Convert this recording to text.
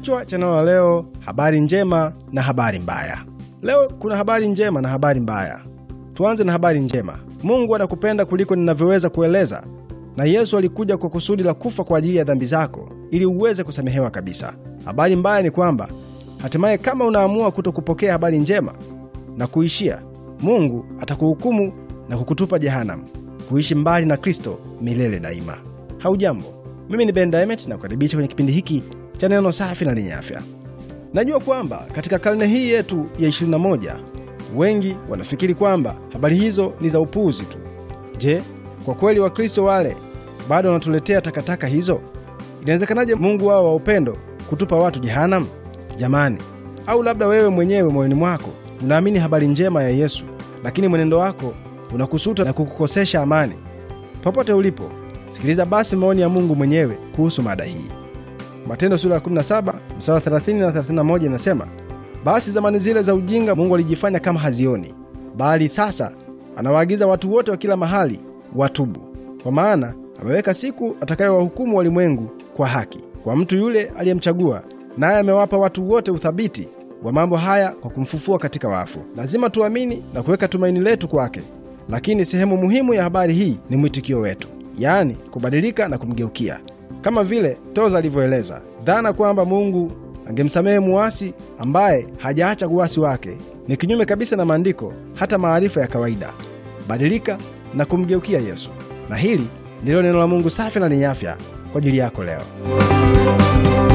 Kichwa cha neno la leo: habari njema na habari mbaya. Leo kuna habari njema na habari mbaya. Tuanze na habari njema. Mungu anakupenda kuliko ninavyoweza kueleza, na Yesu alikuja kwa kusudi la kufa kwa ajili ya dhambi zako ili uweze kusamehewa kabisa. Habari mbaya ni kwamba hatimaye, kama unaamua kutokupokea habari njema na kuishia, Mungu atakuhukumu na kukutupa jehanamu, kuishi mbali na Kristo milele daima. Haujambo, mimi ni Ben Diamond na kukaribisha kwenye kipindi hiki cha neno safi na lenye afya. Najua kwamba katika karne hii yetu ya 21 wengi wanafikiri kwamba habari hizo ni za upuzi tu. Je, kwa kweli Wakristo wale bado wanatuletea takataka hizo? Inawezekanaje Mungu wao wa upendo kutupa watu jehanamu? Jamani! Au labda wewe mwenyewe moyoni mwako unaamini habari njema ya Yesu, lakini mwenendo wako unakusuta na kukukosesha amani. Popote ulipo, sikiliza basi maoni ya Mungu mwenyewe kuhusu mada hii. Matendo sura ya 17 mstari 30 na 31 inasema, basi zamani zile za ujinga Mungu alijifanya kama hazioni, bali sasa anawaagiza watu wote wa kila mahali watubu, kwa maana ameweka siku atakayowahukumu walimwengu kwa haki kwa mtu yule aliyemchagua, naye amewapa watu wote uthabiti wa mambo haya kwa kumfufua katika wafu. Lazima tuamini na kuweka tumaini letu kwake, lakini sehemu muhimu ya habari hii ni mwitikio wetu, yaani kubadilika na kumgeukia. Kama vile Toza alivyoeleza, dhana kwamba Mungu angemsamehe muwasi ambaye hajaacha uwasi wake ni kinyume kabisa na maandiko, hata maarifa ya kawaida. Badilika na kumgeukia Yesu. Na hili ndilo neno la Mungu safi na lenye afya kwa ajili yako leo.